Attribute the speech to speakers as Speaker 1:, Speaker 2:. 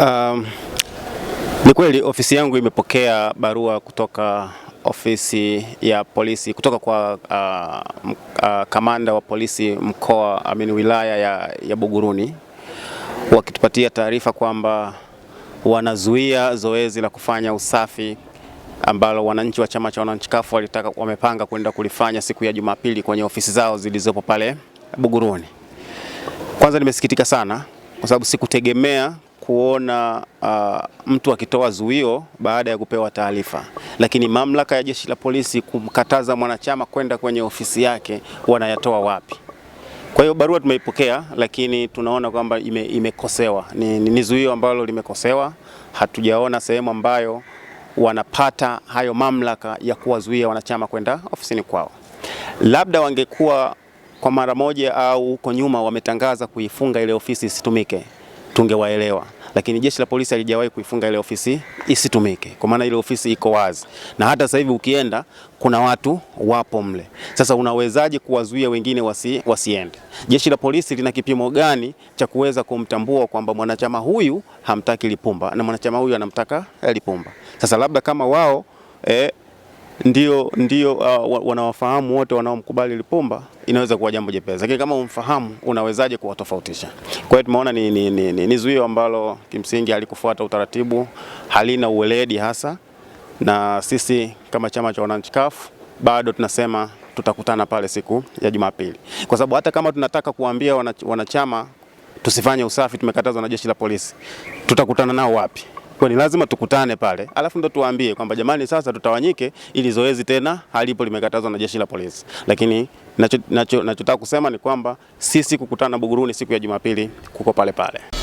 Speaker 1: Um, ni kweli ofisi yangu imepokea barua kutoka ofisi ya polisi kutoka kwa uh, uh, kamanda wa polisi mkoa amini wilaya ya, ya Buguruni wakitupatia taarifa kwamba wanazuia zoezi la kufanya usafi ambalo wananchi wa chama cha wananchi CUF walitaka wamepanga kwenda kulifanya siku ya Jumapili kwenye ofisi zao zilizopo pale Buguruni. Kwanza nimesikitika sana kwa sababu sikutegemea kuona uh, mtu akitoa zuio baada ya kupewa taarifa, lakini mamlaka ya jeshi la polisi kumkataza mwanachama kwenda kwenye ofisi yake wanayatoa wapi? Kwa hiyo barua tumeipokea, lakini tunaona kwamba ime, imekosewa. Ni, ni zuio ambalo limekosewa. Hatujaona sehemu ambayo wanapata hayo mamlaka ya kuwazuia wanachama kwenda ofisini kwao. Labda wangekuwa kwa mara moja au huko nyuma wametangaza kuifunga ile ofisi isitumike, tungewaelewa lakini jeshi la polisi halijawahi kuifunga ile ofisi isitumike, kwa maana ile ofisi iko wazi, na hata sasa hivi ukienda kuna watu wapo mle. Sasa unawezaje kuwazuia wengine wasi, wasiende? Jeshi la polisi lina kipimo gani cha kuweza kumtambua kwamba mwanachama huyu hamtaki Lipumba na mwanachama huyu anamtaka Lipumba? Sasa labda kama wao eh, ndio, ndio uh, wanawafahamu wote wanaomkubali Lipumba, inaweza kuwa jambo jepesi, lakini kama umfahamu unawezaje kuwatofautisha? Kwa hiyo tumeona ni, ni, ni, ni, ni zuio ambalo kimsingi halikufuata utaratibu, halina uweledi hasa, na sisi kama chama cha wananchi CUF bado tunasema tutakutana pale siku ya Jumapili, kwa sababu hata kama tunataka kuambia wanachama tusifanye usafi, tumekatazwa na jeshi la polisi, tutakutana nao wapi? Kwa ni lazima tukutane pale, alafu ndo tuwaambie kwamba jamani, sasa tutawanyike, ili zoezi tena halipo limekatazwa na jeshi la polisi. Lakini nachotaka nacho, nacho kusema ni kwamba sisi kukutana Buguruni siku ya Jumapili kuko pale pale.